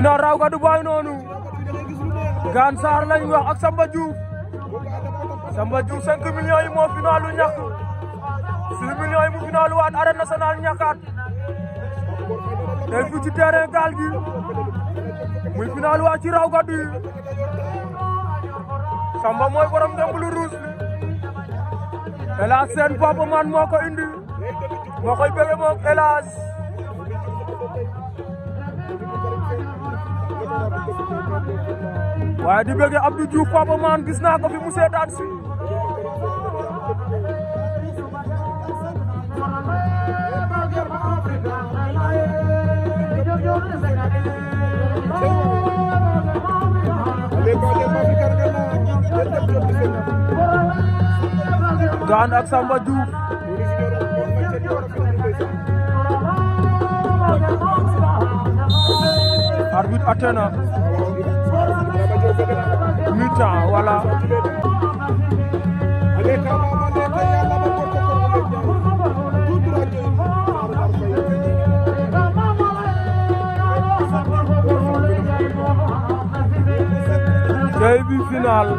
dina raw ga gàddu nonu gan sar lañ wax ak Samba Diouf Samba Diouf 5 millions yi moo finalu ñak 5 millions yi mu finalu waat arène nationale ñàkkaat tey fii ci terrain gal gi muy finalu waat ci raw ga du Samba moy borom dem lu ruus Elhadj sen papa man moko indi mokoy koy mok moom waaye di bëgg Abdou Diouf Papa Man gis naa ko fi si Gan ak Samba Diouf atteint na final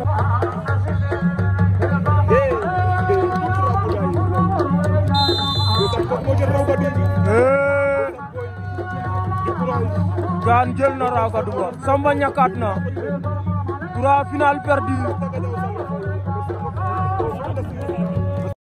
Diane jël na Raga Douga Samba ñàkkaat na trois finales perdues